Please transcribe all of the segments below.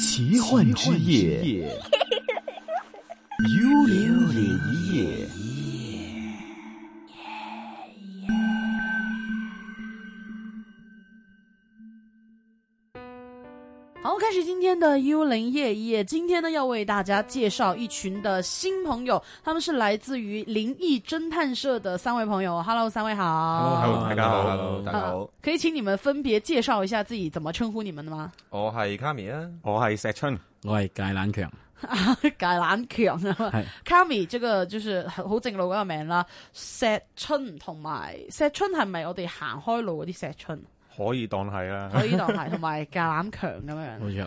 奇幻之夜，奇幻之夜 幽靈夜。的幽靈夜夜，今天呢要為大家介紹一群的新朋友，他們是來自於靈異偵探社的三位朋友。Hello，三位好。Hello，大家好。Hello，大家好。可以請你們分別介紹一下自己怎麼稱呼你們的嗎？我係 Kami 啊，我係石春，我係芥蘭強。芥蘭強啊，係是 Kami 這個就是好正路嗰個名啦。石春同埋石春係咪我哋行開路嗰啲石春？可以當係啦、啊。可以當係，同埋芥蘭強咁樣樣。好似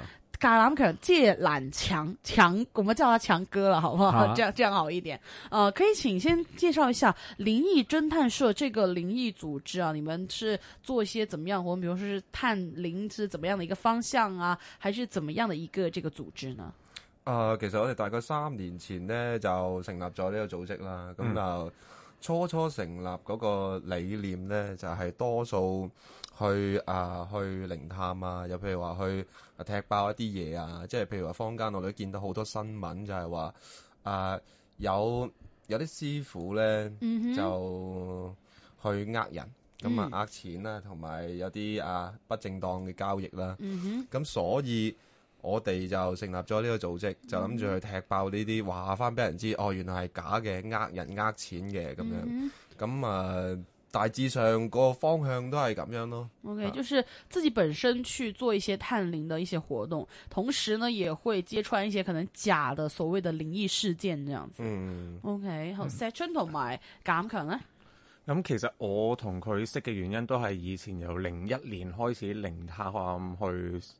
借懶強強，我們叫他強哥了，好不好？這樣這樣好一點。呃，可以請先介紹一下靈異偵探社這個靈異組織啊？你們是做一些怎麼樣？我們比如說是探靈，是怎麼樣的一個方向啊？還是怎麼樣的一個這個組織啊，呃？其實我哋大概三年前呢，就成立咗呢個組織啦。咁就初初成立嗰個理念呢，就係、是、多數。去啊、呃，去靈探啊，又譬如話去踢爆一啲嘢啊，即係譬如話坊間我哋都見到好多新聞就，就係話啊有有啲師傅咧、嗯、哼就去呃人，咁、嗯、啊呃錢啦，同埋有啲啊不正當嘅交易啦。咁、嗯、哼所以我哋就成立咗呢個組織，就諗住去踢爆呢啲，話翻俾人知哦，原來係假嘅、嗯哼，呃人呃錢嘅咁樣，咁啊。大致上個方向都係咁樣咯。OK，就是自己本身去做一些探靈的一些活動，同時呢也會揭穿一些可能假的所謂的靈異事件，這樣子。嗯 OK，好，set 同埋，敢唔敢咧？咁其實我同佢識嘅原因都係以前由零一年開始零探學校去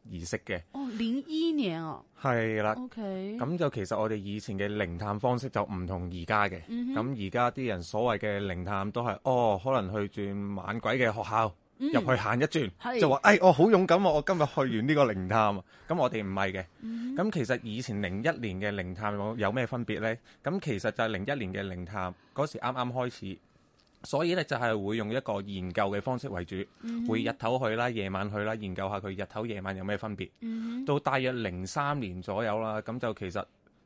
認識嘅。哦，零一年啊。係啦的。O Okay K。咁就其實我哋以前嘅零探方式就唔同而家嘅。咁而家啲人所謂嘅零探都係哦，可能去轉猛鬼嘅學校入、嗯、去行一轉，是就話哎我好勇敢啊，啊我今日去完呢個零探。咁 我哋唔係嘅。咁、嗯、其實以前零一年嘅零探有咩分別呢？咁其實就係零一年嘅零探嗰時啱啱開始。所以咧就係會用一個研究嘅方式為主，嗯、哼會日頭去啦、夜晚去啦，研究下佢日頭、夜晚有咩分別。嗯、哼到大約零三年左右啦，咁就其實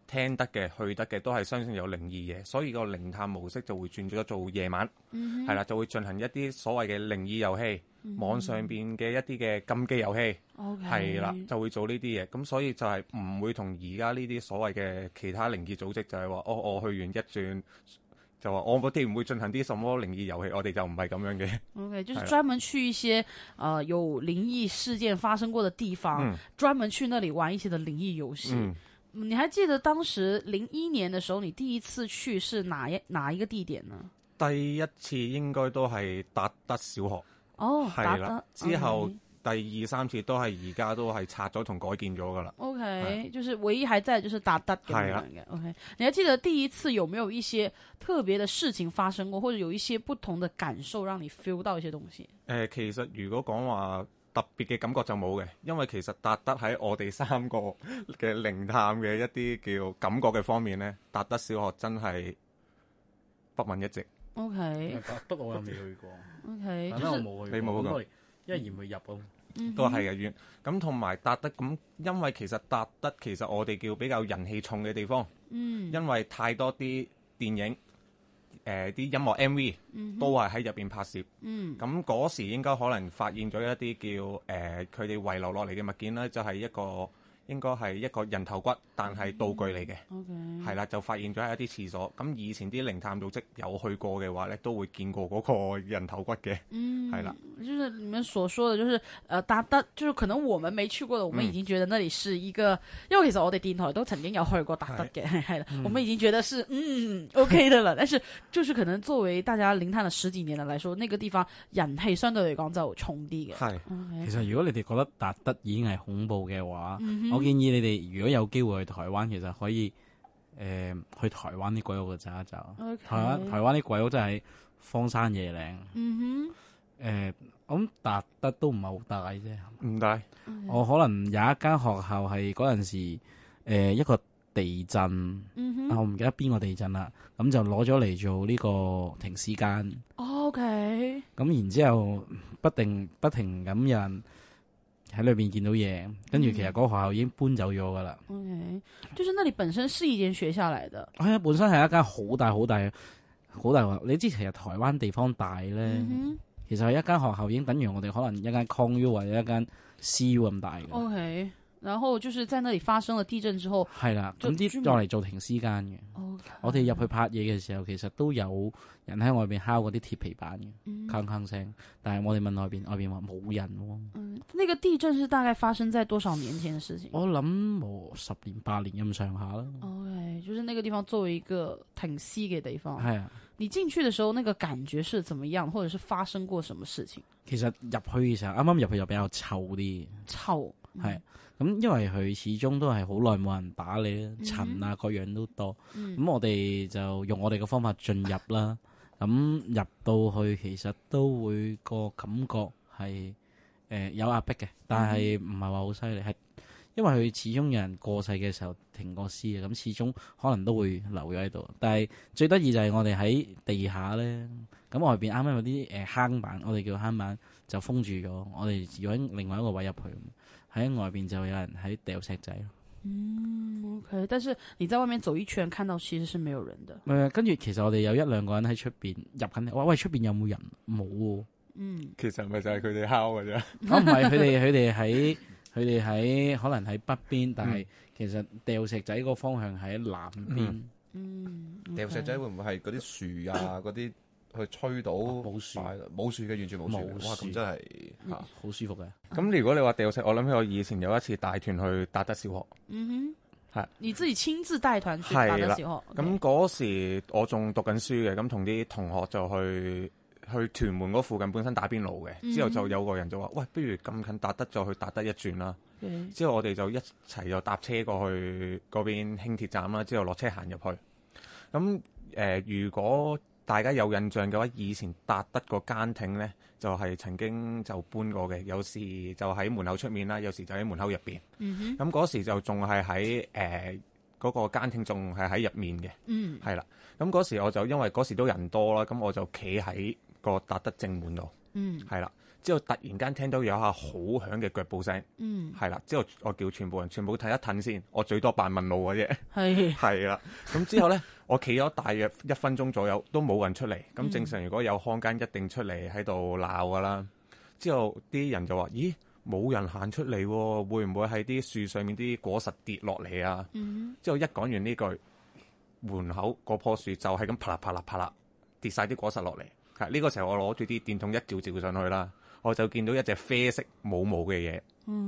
聽得嘅、去得嘅，都係相信有靈異嘢，所以個靈探模式就會轉咗做夜晚，係啦、嗯哼，就會進行一啲所謂嘅靈異遊戲，嗯、哼網上面嘅一啲嘅禁忌遊戲，係啦、嗯哼，就會做呢啲嘢。咁所以就係唔會同而家呢啲所謂嘅其他靈異組織就，就係話哦，我去完一轉。就話我我哋唔會進行啲什麼靈異遊戲，我哋就唔係咁樣嘅。OK，就是專門去一些，誒、呃，有靈異事件發生過的地方，嗯，專門去那裏玩一些的靈異遊戲。嗯，你還記得當時零一年的時候，你第一次去是哪一哪一個地點呢？第一次應該都係達德小學。哦，對了，達德，之後。Okay. 第二三次都係而家都係拆咗同改建咗噶啦。O Okay , K，是就是唯一還在就是達德嘅。係啦的。O、okay, K，你還記得第一次有沒有一些特別的事情發生過，或者有一些不同的感受，讓你 feel 到一些東西？誒、呃，其實如果講話特別嘅感覺就冇嘅，因為其實達德喺我哋三個嘅靈探嘅一啲叫感覺嘅方面咧，達德小學真係不聞一席。O K，不過我又未去過。O K，因為冇去，你冇去過，而唔會入啊。嗯。嗯、都係嘅，遠咁同埋達德咁，因為其實達德其實我哋叫比較人氣重嘅地方，嗯、因為太多啲電影，啲、呃、音樂 MV、嗯、哼都係喺入邊拍攝，咁嗰、嗯、時應該可能發現咗一啲叫佢哋、呃、遺留落嚟嘅物件呢就係、是、一個。應該係一個人頭骨，但係道具嚟嘅，係啦 Okay.，就發現咗一啲廁所。咁以前啲靈探組織有去過嘅話咧，都會見過嗰個人頭骨嘅，係啦、嗯。是的就是你們所說嘅，就是誒、呃、達德，就是可能我們沒去過的，我們已經覺得那裡是一個，嗯、因為其實我哋電台都曾經有去過達德嘅，我們已經覺得是嗯 OK 的了。 但是就是可能作為大家靈探了十幾年的來說，那個地方人氣相對嚟講就重啲嘅。係是，Okay. 其實如果你哋覺得達德已經係恐怖嘅話，嗯我建議你哋，如果有機會去台灣，其實可以誒、呃、去台灣啲鬼屋嘅就走一走，Okay. 台灣台灣啲鬼屋真係荒山野嶺。嗯哼、mm，誒、hmm. 咁、呃、我諗達得都唔係好大啫，唔大。大 Okay. 我可能有一間學校係嗰陣時、呃、一個地震，mm hmm. 但我唔記得邊個地震啦，咁就攞咗嚟做呢個停屍間。O K。咁然之後不，不停不停咁樣。喺裏邊見到嘢，跟住其實嗰學校已經搬走咗噶啦。OK，就是那裡本身是一間學校嚟嘅。係啊、哎，本身係一間好大好大好大，你知其實台灣地方大咧，嗯、哼其實係一間學校已經等於我哋可能一間 Con U 或者一間 CU 咁大嘅。OK。然後就是在那裡發生了地震之後，係啦的，總之再嚟做停屍間嘅。Okay 我哋入去拍嘢嘅時候，其實都有人喺外邊敲嗰啲鐵皮板嘅鏗鏗聲，但係我哋問外邊，外邊話冇人、喎。嗯，那個地震是大概發生在多少年前嘅事情？我諗冇十年八年咁上下啦。o、okay, 就是那個地方作為一個停屍嘅地方，係啊的。你進去嘅時候，那個感覺是怎麼樣，或者是發生過什麼事情？其實入去嘅時候，啱啱入去又比較臭啲，臭係。嗯咁因為佢始終都係好耐冇人打理啦，嗯、哼塵啊各樣都多。咁、嗯、哼我哋就用我哋嘅方法進入啦。咁、嗯、哼入到去其實都會個感覺係誒、呃、有壓迫嘅，但係唔係話好犀利，係、嗯、哼因為佢始終有人過世嘅時候停過屍啊。咁始終可能都會留咗喺度。但係最得意就係我哋喺地下咧，咁外邊啱啱有啲誒坑板，我哋叫坑板就封住咗，我哋揾另外一個位入去。喺外邊就有人喺掉石仔咯。嗯，OK，但是你在外面走一圈，看到其實是沒有人的。唔係，嗯，跟住其實我哋有一兩個人喺出邊入緊嚟。哇，喂，出邊有冇人？冇。嗯，其實咪就係佢哋敲嘅啫。唔係，佢哋佢哋喺佢哋喺可能喺北邊，但係其實掉石仔個方向喺南邊。嗯，掉石仔會唔會係嗰啲樹啊？嗰啲？ 去吹到冇樹冇樹嘅完全冇樹,樹，哇！咁真係、嗯啊、好舒服嘅。咁如果你話地獄石，我諗起我以前有一次帶團去達德小學，嗯哼，係你自己親自帶團去達德小學。係啦，咁嗰、嗯嗯、時我仲讀緊書嘅，咁同啲同學就去去屯門嗰附近本身打邊爐嘅，嗯、之後就有個人就話：，喂，不如咁近達德，再去達德一轉啦。之後我哋就一齊又搭車過去嗰邊輕鐵站啦，之後落車行入去。咁誒、呃，如果大家有印象嘅話，以前達德個間亭呢，就係曾經就搬過嘅，有時就喺門口出面啦，有時就喺門口入邊。嗯哼。嗯，咁嗰時就仲係喺誒嗰個間亭，仲係喺入面嘅。嗯。係啦。咁嗰時我就因為嗰時都人多啦，咁我就企喺個達德正門度。嗯。係啦。之後突然間聽到有一下好響嘅腳步聲，係啦、嗯。之後我叫全部人全部睇一睇先，我最多扮問路嘅啫。係係啦。咁之後咧， 我企咗大約一分鐘左右，都冇人出嚟。咁正常如果有看更一定出嚟喺度鬧噶啦。嗯、之後啲人就話：咦，冇人行出嚟、哦，會唔會喺啲樹上面啲果實跌落嚟啊？嗯、之後一講完呢句，門口嗰棵樹就係咁啪啦啪啦啪啦跌晒啲果實落嚟。啊，呢個時候我攞住啲電筒一照照上去啦。我就見到一隻啡色冇毛嘅嘢，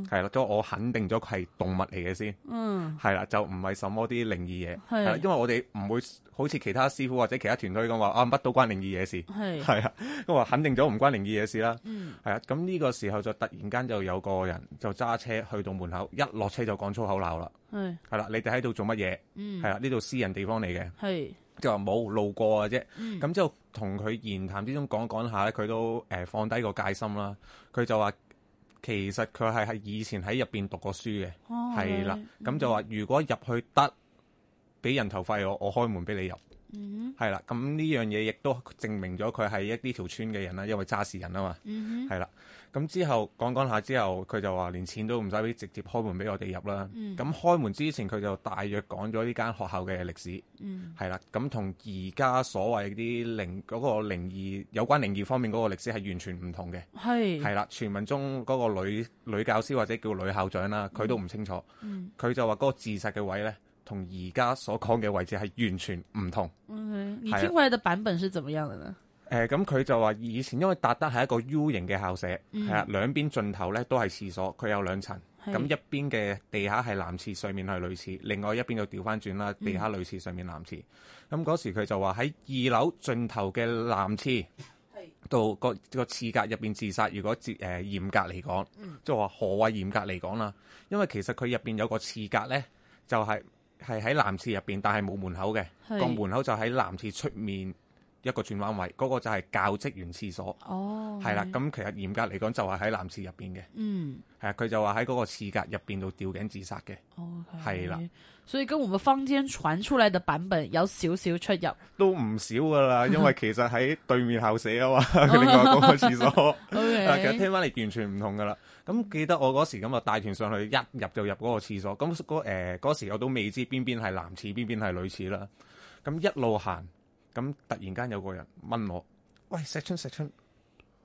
係啦，咁我肯定咗佢係動物嚟嘅先，係啦，就唔係什麼啲靈異嘢，因為我哋唔會好似其他師傅或者其他團隊咁話啊，乜都關靈異嘢事，係啊，咁話肯定咗唔關靈異嘢事啦，係啊，咁呢個時候就突然間就有個人就揸車去到門口，一落車就講粗口鬧啦，係啦，你哋喺度做乜嘢？係啦，呢度私人地方嚟嘅。就話冇路過啊啫，咁之後同佢言談之中講講、呃、下咧，佢都誒放低個戒心啦。佢就話其實佢係以前喺入邊讀過書嘅，係啦、哦。咁了、嗯、就話如果入去得俾人頭費，我我開門俾你入。嗯哼，係啦，咁呢樣嘢亦都證明咗佢係一呢條村嘅人啦，因為揸事人啊嘛，係啦、嗯哼，咁之後講講下之後，佢就話連錢都唔使俾，直接開門俾我哋入啦。咁、嗯、開門之前，佢就大約講咗呢間學校嘅歷史，係啦、嗯，咁同而家所謂啲靈嗰、嗰個靈異有關靈異方面嗰個歷史係完全唔同嘅，係，係啦，傳聞中嗰個女女教師或者叫女校長啦、啊，佢、嗯、都唔清楚，佢、嗯、就話嗰個自殺嘅位咧。同而家所講嘅位置係完全唔同。嗯，okay, 你聽回來的版本是怎麼樣的呢？誒、啊，咁、呃、佢、嗯、就話以前因為達德係一個 U 型嘅校舍，係、嗯、啊兩邊盡頭咧都係廁所，佢有兩層。咁是、嗯、一邊嘅地下係男廁，上面係女廁；另外一邊就調翻轉啦，地下女廁，上面男廁。咁嗰、嗯嗯、時佢就話喺二樓盡頭嘅男廁到個、這個廁格入邊自殺。如果誒嚴、呃、格嚟講，即係話何謂嚴格嚟講啦？因為其實佢入邊有個廁格咧，就係、是。係喺男廁入邊，但係冇門口嘅，個是門口就喺男廁出面。一個轉彎位，嗰個就係教職員廁所，係啦、哦。咁其實嚴格嚟講，就係喺男廁入邊嘅。係啊，佢就話喺嗰個廁格入邊度吊頸自殺嘅，係啦、哦。的所以跟我們坊間傳出嚟嘅版本有少少出入，都唔少噶啦。因為其實喺對面校舍啊嘛， 另外嗰個廁所，但其實聽翻嚟完全唔同噶啦。咁記得我嗰時咁啊帶團上去，一入就入嗰個廁所。咁嗰誒時我都未知邊邊係男廁，邊邊係女廁啦。咁一路行。咁突然間有個人問我，喂石春石春，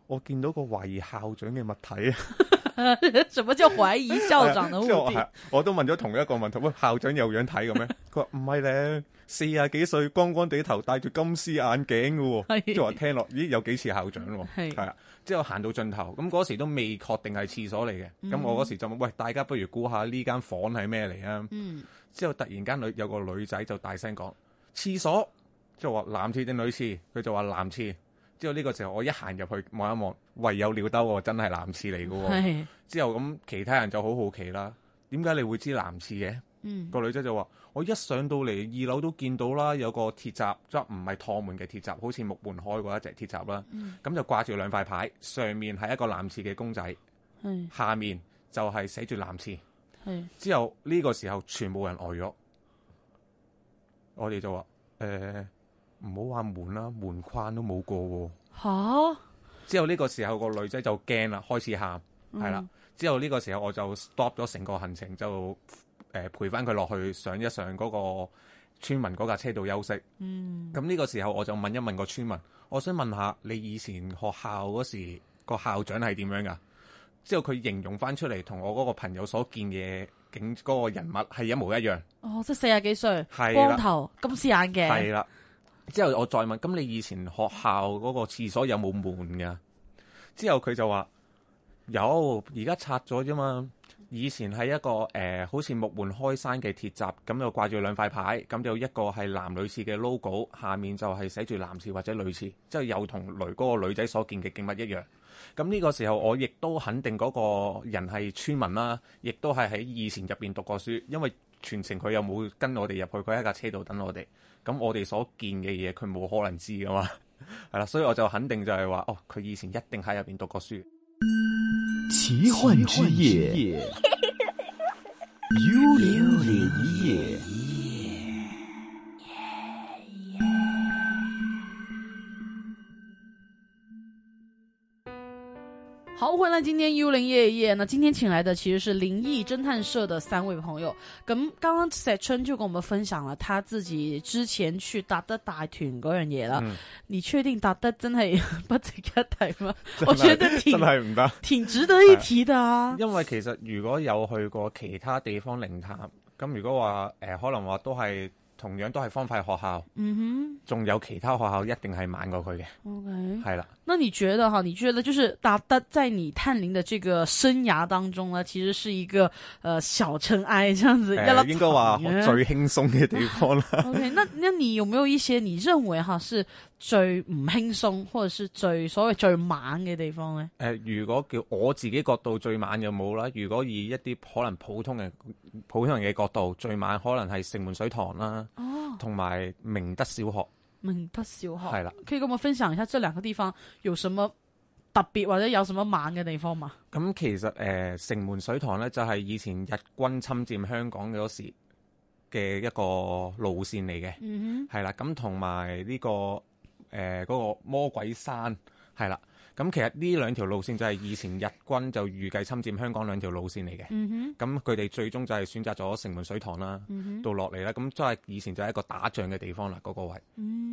我見到個懷疑校長嘅物體啊！ 什麼叫懷疑校長嘅物體？我都問咗同一個問題，喂校長有樣睇嘅咩？佢話唔係咧，四啊幾歲，光光地頭，戴住金絲眼鏡嘅喎。即係話聽落，咦有幾似校長咯，哦？係 啊，之後行到盡頭，咁嗰時都未確定係廁所嚟嘅。咁、嗯、我嗰時就問，喂大家不如估下呢間房係咩嚟啊？嗯。之後突然間有個女仔就大聲講，廁所。即係話男廁定女廁，佢就話男廁。之後呢個時候我一行入去望一望，唯有尿兜喎，真係男廁嚟喎。是之後咁其他人就好好奇啦，點解你會知男廁嘅？個、嗯、女仔就話：我一上到嚟二樓都見到啦，有個鐵閘即唔係趟門嘅鐵閘，好似木門開過一隻鐵閘啦。咁、嗯、就掛住兩塊牌，上面係一個男廁嘅公仔，是下面就係寫住男廁。是之後呢個時候全部人呆咗，我哋就話：誒、欸。唔好話門啦，門框都冇過喎、哦。吓！之後呢個時候個女仔就驚啦，開始喊，係啦。之後呢個時候我就 stop 咗成個行程，就誒、呃、陪翻佢落去上一上嗰個村民嗰架車度休息。嗯。咁呢個時候我就問一問個村民，我想問一下你以前學校嗰時候、嗰個校長係點樣噶？之後佢形容翻出嚟，同我嗰個朋友所見嘅景，嗰個人物係一模一樣。哦，即係四十幾歲，光頭，金絲了眼鏡，係啦。之後我再問，咁你以前學校嗰個廁所有冇門噶？之後佢就話有，而家拆咗啫嘛。以前係一個、呃、好似木門開山嘅鐵閘，咁又掛住兩塊牌，咁就一個係男女士嘅 logo，下面就係寫住「男廁」或者「女廁」，之後又同雷嗰個女仔所見嘅景物一樣。咁呢個時候我亦都肯定嗰個人係村民啦，亦都係喺以前入面讀過書，因為全程佢又冇跟我哋入去，佢喺架車度等我哋。咁我哋所見嘅嘢，佢冇可能知噶嘛，係 啦，所以我就肯定就係話，哦，佢以前一定喺入面讀過書。奇幻之夜， 幽靈夜。那今天幽靈夜夜呢？今天請來的其實是靈異偵探社的三位朋友，咁剛剛石春就跟我們分享了他自己之前去達德大團嗰樣嘢啦。嗯、你確定達德真係不值得一提嗎？的我覺得挺真係唔得，挺值得一提的啊。因為其實如果有去過其他地方靈探，咁如果話誒、呃、可能話都係。同樣都係方塊學校，嗯哼，仲有其他學校一定係慢過佢嘅，OK，係啦的。那你覺得哈？你覺得就是打得在你探靈嘅這個生涯當中呢？其實是一個呃小塵埃，這樣子。應該話最輕鬆嘅地方啦。OK，那那你有沒有一些你認為哈是，最唔輕鬆，或者說最所謂最猛嘅地方呢？誒、呃，如果叫我自己角度最猛就沒有冇啦。如果以一啲可能普通嘅普通人嘅角度，最猛可能係城門水塘啦，同埋、哦、明德小學。明德小學係啦。咁我了分享一下，即兩個地方有什麼特別或者有什麼猛嘅地方嘛？咁、嗯、哼其實誒、呃，城門水塘呢，就係、是、以前日軍侵佔香港嗰時嘅一個路線嚟嘅。嗯係哼啦。咁同埋呢個。誒嗰、呃那個魔鬼山係啦，咁其實呢兩條路線就係以前日軍就預計侵佔香港兩條路線嚟嘅。咁佢哋最終就係選擇咗城門水塘啦，嗯、哼到落嚟啦，咁即係以前就係一個打仗嘅地方啦，嗰、那個位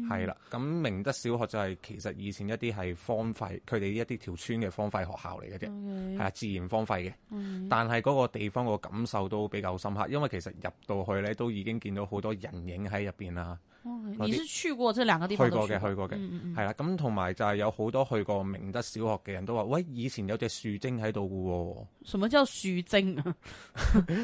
係啦。咁明、嗯、德小學就係其實以前一啲係荒廢，佢哋一啲條村嘅荒廢學校嚟嘅啫，係啊 Okay，係自然荒廢嘅。嗯、但係嗰個地方個感受都比較深刻，因為其實入到去呢，都已經見到好多人影喺入邊啦。Okay，你是去過這兩個地方，去過的，去過的？去過嘅，去過嘅，係啦。咁同埋就係有好多去過明德小學嘅人都話：，喂，以前有隻樹精喺度嘅。什麼叫樹精啊？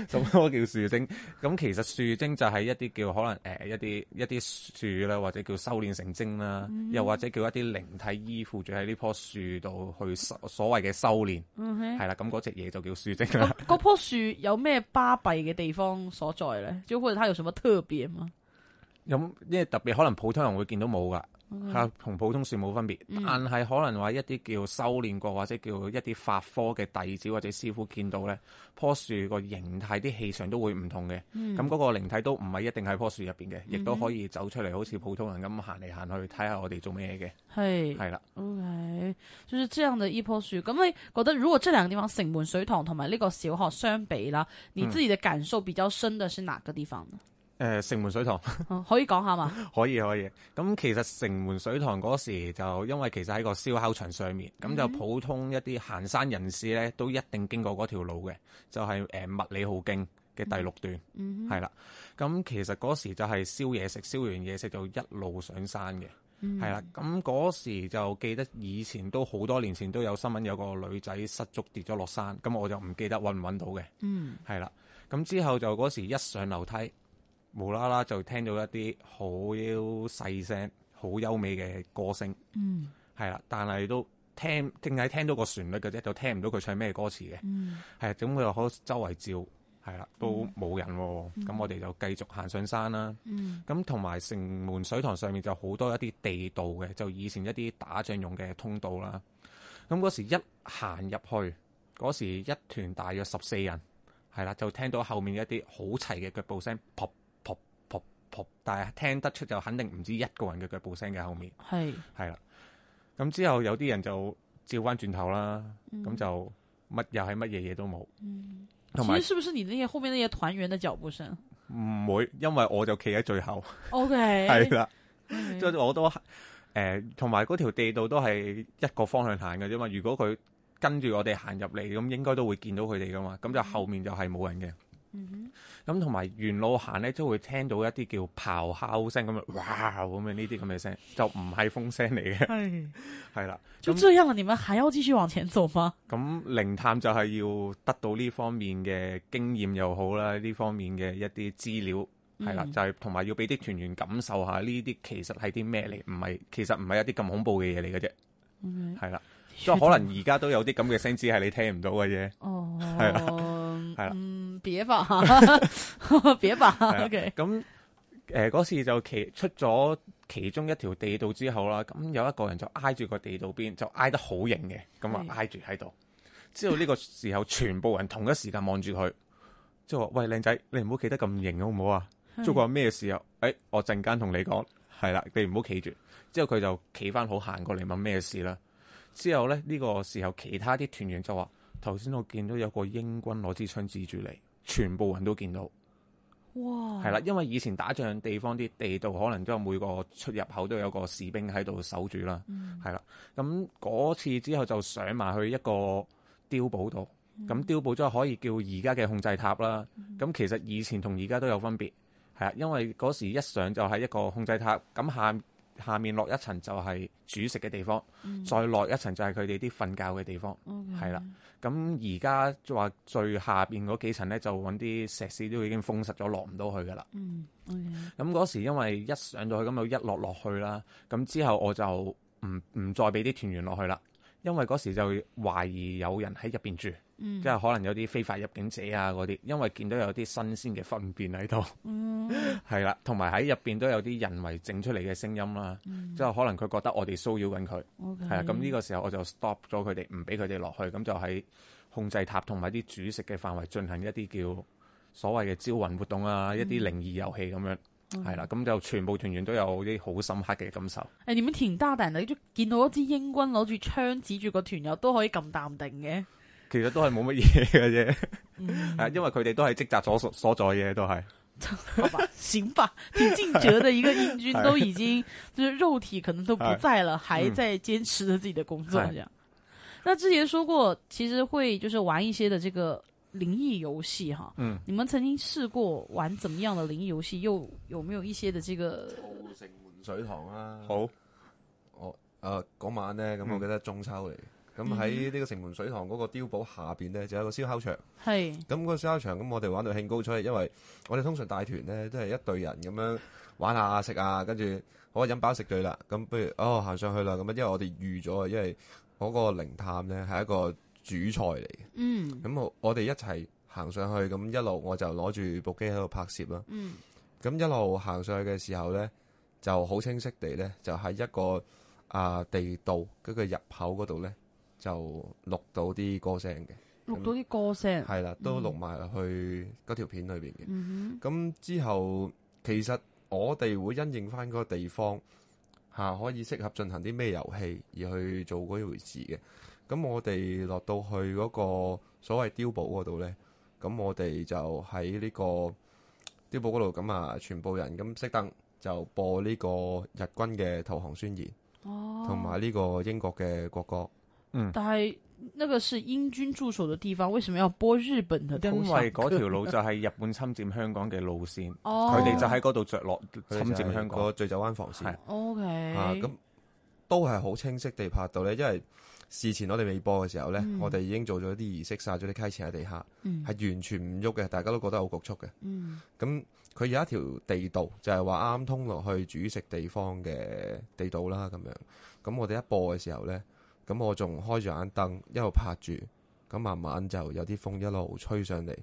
什麼叫樹精？咁 其實樹精就係一啲叫可能誒、呃、一啲一啲樹啦，或者叫修煉成精啦，嗯嗯，又或者叫一啲靈體依附住喺呢棵樹度去所謂修所謂嘅修煉。嗯哼嘿，係啦，咁嗰隻嘢就叫樹精啦。嗰棵樹有咩巴閉嘅地方所在咧？就或者佢有什麼特別嗎？咁即係特別，可能普通人會見到冇噶，係同 Okay. 普通樹冇分別。嗯、但係可能話一啲叫修煉過或者叫一啲法科嘅弟子或者師傅見到咧，樖樹個形態啲氣場都會唔同嘅。咁嗰、嗯、個靈體都唔係一定喺樖樹入邊嘅，亦都、嗯、哼可以走出嚟，好似普通人咁行嚟行去，睇下我哋做咩嘅。係係啦。的 OK，即係即係呢樖樹。咁你覺得如果即係兩個地方，城門水塘同埋呢個小學相比啦，你自己嘅感受比較深嘅是哪個地方？嗯誒、呃，城門水塘可以講下嘛？ 可以，可以，可以咁。其實城門水塘嗰時就因為其實喺個燒烤場上面，咁、嗯、就普通一啲行山人士咧都一定經過嗰條路嘅，就係誒麥理浩徑嘅第六段，係啦、嗯。咁其實嗰時就係燒嘢食，燒完嘢食就一路上山嘅，係啦、嗯。咁嗰時就記得以前都好多年前都有新聞，有個女仔失足跌咗落山，咁我就唔記得搵唔搵到嘅，嗯，係啦。咁之後就嗰時一上樓梯。無啦啦就聽到一啲好細聲、好優美嘅歌聲，係啦、嗯。但係都聽，淨係聽到個旋律嘅啫，就聽唔到佢唱咩歌詞嘅。係啊咁、嗯，佢又好周圍照，係啦，都冇人喎、哦。咁、嗯、我哋就繼續行上山啦。咁同埋城門水塘上面就好多一啲地道嘅，就以前一啲打仗用嘅通道啦。咁嗰時一行入去，嗰時一團大約十四人係啦，就聽到後面一啲好齊嘅腳步聲，噗～但係聽得出就肯定唔止一個人嘅腳步聲喺後面，係係啦。咁之後有啲人就照翻轉頭啦，咁、嗯、就乜又係乜嘢嘢都冇。嗯、有同埋係咪你後面嗰啲團員嘅腳步聲？唔會，因為我就企喺最後。O K，係啦，即係我都誒，同埋嗰條地道都係一個方向行嘅啫嘛。如果佢跟住我哋行入嚟，咁應該都會見到佢哋噶嘛。咁就後面就係冇人嘅。咁同埋沿路行咧，都會聽到一啲叫咆哮聲咁樣，哇咁樣呢啲咁嘅聲，就唔係風聲嚟嘅。係係啦，就這樣你們還要繼續往前走嗎？咁靈探就係要得到呢方面嘅經驗又好啦，呢方面嘅一啲資料係啦，就係同埋要俾啲團員感受下呢啲其實係啲咩嚟，唔係其實唔係一啲咁恐怖嘅嘢嚟嘅啫。係啦，即係可能而家都有啲咁嘅聲，只係你聽唔到嘅啫。哦，係啦，係啦。別吧，別吧。O K，咁，誒，嗰次就其出咗其中一條地道之後啦，咁有一個人就挨住個地道邊，就挨得好型嘅，咁啊挨住喺度。之後呢個時候，全部人同一時間望住佢，即係話：喂，靚仔，你唔好企得咁型好唔好啊？中國咩事啊？誒，我陣間同你講，係啦，你唔好企住。之後佢就企翻好，行過嚟問咩事啦。之後咧呢個時候，其他啲團員就話：頭先我見到有個英軍攞支槍指住你。全部人都見到，哇！係啦，因為以前打仗嘅地方啲地道可能都有每個出入口都有個士兵喺度守住啦，係啦、嗯。咁嗰次之後就上埋去一個碉堡度，咁、嗯、碉堡即係可以叫而家嘅控制塔啦。咁、嗯、其實以前同而家都有分別，係啦，因為嗰時一上就係一個控制塔，咁下。下面落一層就係煮食嘅地方，嗯、再落一層就係佢哋啲瞓覺嘅地方，係啦 Okay.。咁而家話最下邊嗰幾層呢，就揾啲石屎都已經封實咗，落唔到去噶啦。嗯、咁、okay. 嗰時因為一上到去咁就一落落去啦。咁之後我就唔唔再俾啲團員落去啦，因為嗰時就懷疑有人喺入邊住。嗯、即係可能有啲非法入境者啊，嗰啲，因為見到有啲新鮮嘅糞便喺度，係啦、嗯，同埋喺入邊都有啲人為整出嚟嘅聲音啦。嗯、即係可能佢覺得我哋騷擾緊佢，係啊 Okay,。咁呢個時候我就 stop 咗佢哋，唔俾佢哋落去。咁就喺控制塔同埋啲煮食嘅範圍進行一啲叫所謂嘅招魂活動啊，嗯、一啲靈異遊戲咁樣係啦。咁、嗯、就全部團員都有啲好深刻嘅感受。誒、哎，點解田家大人你見到一支英軍攞住槍指住個團友都可以咁淡定嘅？其實都係冇乜嘢嘅啫，係因為佢哋都係職責所所在嘅，都係 。行吧，挺盡責的一個英軍，都已經就是肉體可能都不在了，的還在堅持着自己的工作。這樣。那之前說過，其實會就是玩一些的這個靈異遊戲哈。嗯的。你們曾經試過玩怎麼樣的靈異遊戲？又有，有沒有一些的這個？城門水塘啊好。我誒、呃、嗰晚呢咁我記得中秋嚟。咁喺呢個城門水塘嗰個碉堡下面呢，就有一個燒烤場。咁係，嗰個燒烤場咁，我哋玩到興高采烈，因為我哋通常帶團呢，都係一隊人咁樣玩下食啊，跟住好我飲飽食醉啦。咁不如哦，行上去啦。咁因為我哋預咗啊，因為嗰個靈探呢係一個主菜嚟嘅。嗯，咁我哋一齊行上去，咁一路我就攞住部機喺度拍攝啦。嗯，咁一路行上去嘅時候呢，就好清晰地呢，就喺一個啊地道嗰個入口嗰度呢。就錄到啲歌聲嘅，錄到啲歌聲係啦，都錄埋去嗰條片裏邊嘅。咁、嗯、哼之後，其實我哋會因應翻嗰個地方吓、啊，可以適合進行啲咩遊戲而去做嗰回事嘅。咁我哋落到去嗰個所謂碉堡嗰度呢，咁我哋就喺呢個碉堡嗰度，咁啊，全部人咁熄燈，就播呢個日軍嘅投降宣言，同埋呢個英國嘅國歌。嗯，但係呢個是英軍駐守的地方，為什麼要播日本的？因為嗰條路就係日本侵佔香港嘅路線，佢哋、哦、就喺嗰度着落侵佔香港醉酒灣防線。O K，咁都係好清晰地拍到咧，因為事前我哋未播嘅時候咧，嗯、我哋已經做咗一啲儀式，晒咗啲楔子喺地下，係、嗯、完全唔喐嘅，大家都覺得好局促嘅。咁佢、嗯、有一條地道，就係話啱通落去煮食地方嘅地道啦。咁樣咁，我哋一播嘅時候咧。咁我仲開住眼燈，一路拍住，咁慢慢就有啲風一路吹上嚟，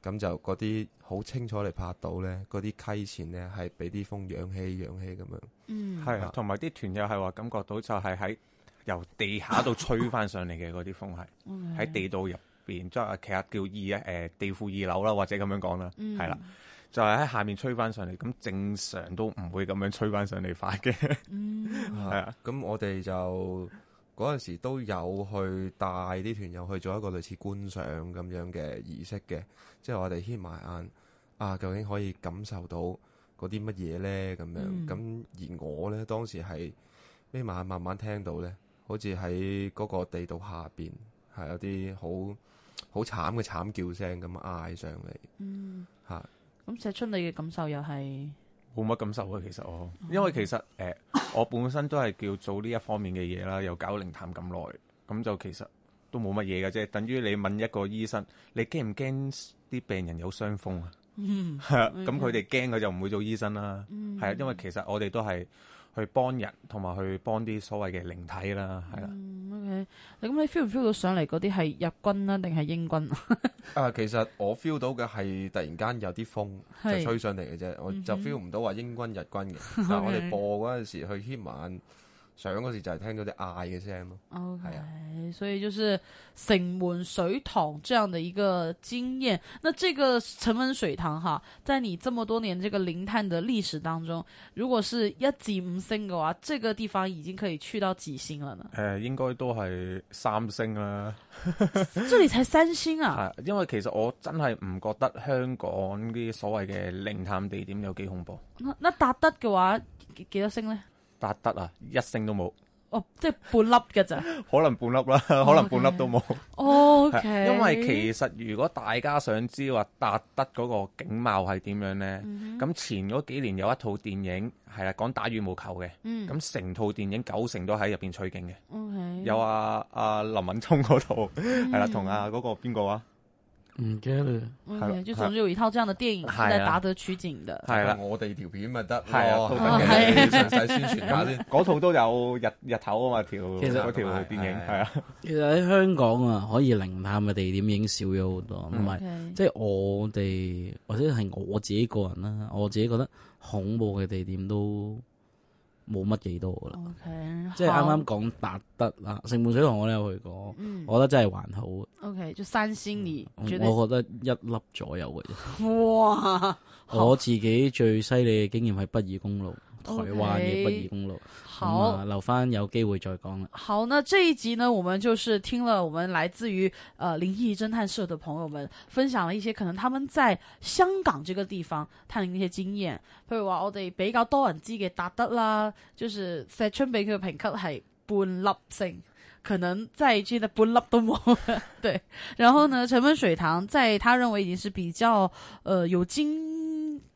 咁就嗰啲好清楚嚟拍到咧，嗰啲溪前咧係俾啲風揚起，揚起咁樣，嗯，係啊，同埋啲團友係話感覺到就係喺由地下度吹翻上嚟嘅嗰啲風係喺地道入面，即係 其實叫二誒、呃、地庫二樓啦，或者咁樣講啦，係啦、嗯啊，就係、是、喺下面吹翻上嚟，咁正常都唔會咁樣吹翻上嚟快嘅，係、嗯、 啊，咁、啊、我哋就。嗰陣時都有去帶啲團友去做一個類似觀賞咁樣嘅儀式嘅，即係我哋牽埋眼，啊究竟可以感受到嗰啲乜嘢呢？咁、嗯、樣咁而我呢，當時係咩？慢慢慢慢聽到呢，好似喺嗰個地道下面，係有啲好好慘嘅慘叫聲咁嗌上嚟，嚇、嗯！咁是寫出你嘅感受又係。冇乜感受啊，其實我，Okay. 因為其實，呃，我本身都係叫做呢一方面嘅嘢啦，又搞靈探咁耐，咁就其實都冇乜嘢嘅，即係等於你問一個醫生，你驚唔驚啲病人有傷風啊？咁佢哋驚佢就唔會做醫生啦。係啊，因為其實我哋都係。去幫人，同埋去幫啲所謂嘅靈體啦，係啦、嗯。的 o、Okay. k 你咁你 feel 唔 feel 到上嚟嗰啲係日軍啦、啊，定係英軍 啊？其實我 feel 到嘅係突然間有啲風是就吹上嚟嘅啫，我就 feel 唔到話英軍日軍嘅。嗱、嗯哼，但我哋播嗰陣時 Okay. 去 hit 晚。上嗰時就係聽到啲嗌嘅聲咯，係 Okay,、啊、所以就是城門水塘這樣的一個經驗。那這個城門水塘哈，在你這麼多年這個靈探的歷史當中，如果是一至五星嘅話，這個地方已經可以去到幾星了呢？誒、呃，應該都係三星啦。 這裏才三星啊？因為其實我真係唔覺得香港啲所謂嘅靈探地點有幾恐怖。那,那達德嘅話幾多星呢？達德啊，一聲都冇，哦，即係半粒㗎咋？ 可能半粒啦，Okay. 可能半粒都冇 Okay. O K，因為其實如果大家想知話達德嗰個景貌係點樣咧，咁、嗯、哼前嗰幾年有一套電影係啦，講、啊、打羽毛球嘅，咁成、嗯、套電影九成都喺入邊取景嘅。O Okay . K，有啊，阿、啊、林敏聰嗰套係啦，同、嗯、 啊嗰個邊個啊？唔驚啦，係、oh yeah, 就總之有一套這樣的電影係打得取景的，係啦，我哋條片咪得咯，詳細宣傳下先，嗰套 都有日日頭啊嘛條，條其實條電影係啊，其實喺香港啊，可以靈探嘅地點已經少咗好多，唔係即係我哋或者係我自己個人啦、啊，我自己覺得恐怖嘅地點都。冇乜幾多噶啦，okay, 即係啱啱講達德啦，城好門水塘我都有去過，嗯、我覺得真係還好。O、okay, K 就三千二，嗯、絕對 我覺得一粒左右嘅啫。哇！我自己最犀利嘅經驗係不二公路。台灣嘅北宜公路，好留翻，有機會再講啦。好，呢這一集呢，我們就是聽了我們來自於誒靈異偵探社的朋友們分享了一些可能他們在香港這個地方探靈嘅那些經驗，譬如話我哋比較多人知嘅達德啦，就是石春俾佢評級係半粒星，可能再係得半粒都冇。 對，然後呢，陳文水塘在他認為已經是比較誒、呃、有經。